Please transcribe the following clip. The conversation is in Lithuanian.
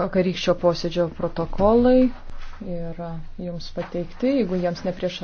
vakarykščio posėdžio protokolai yra jums pateikti jeigu jiems neprieš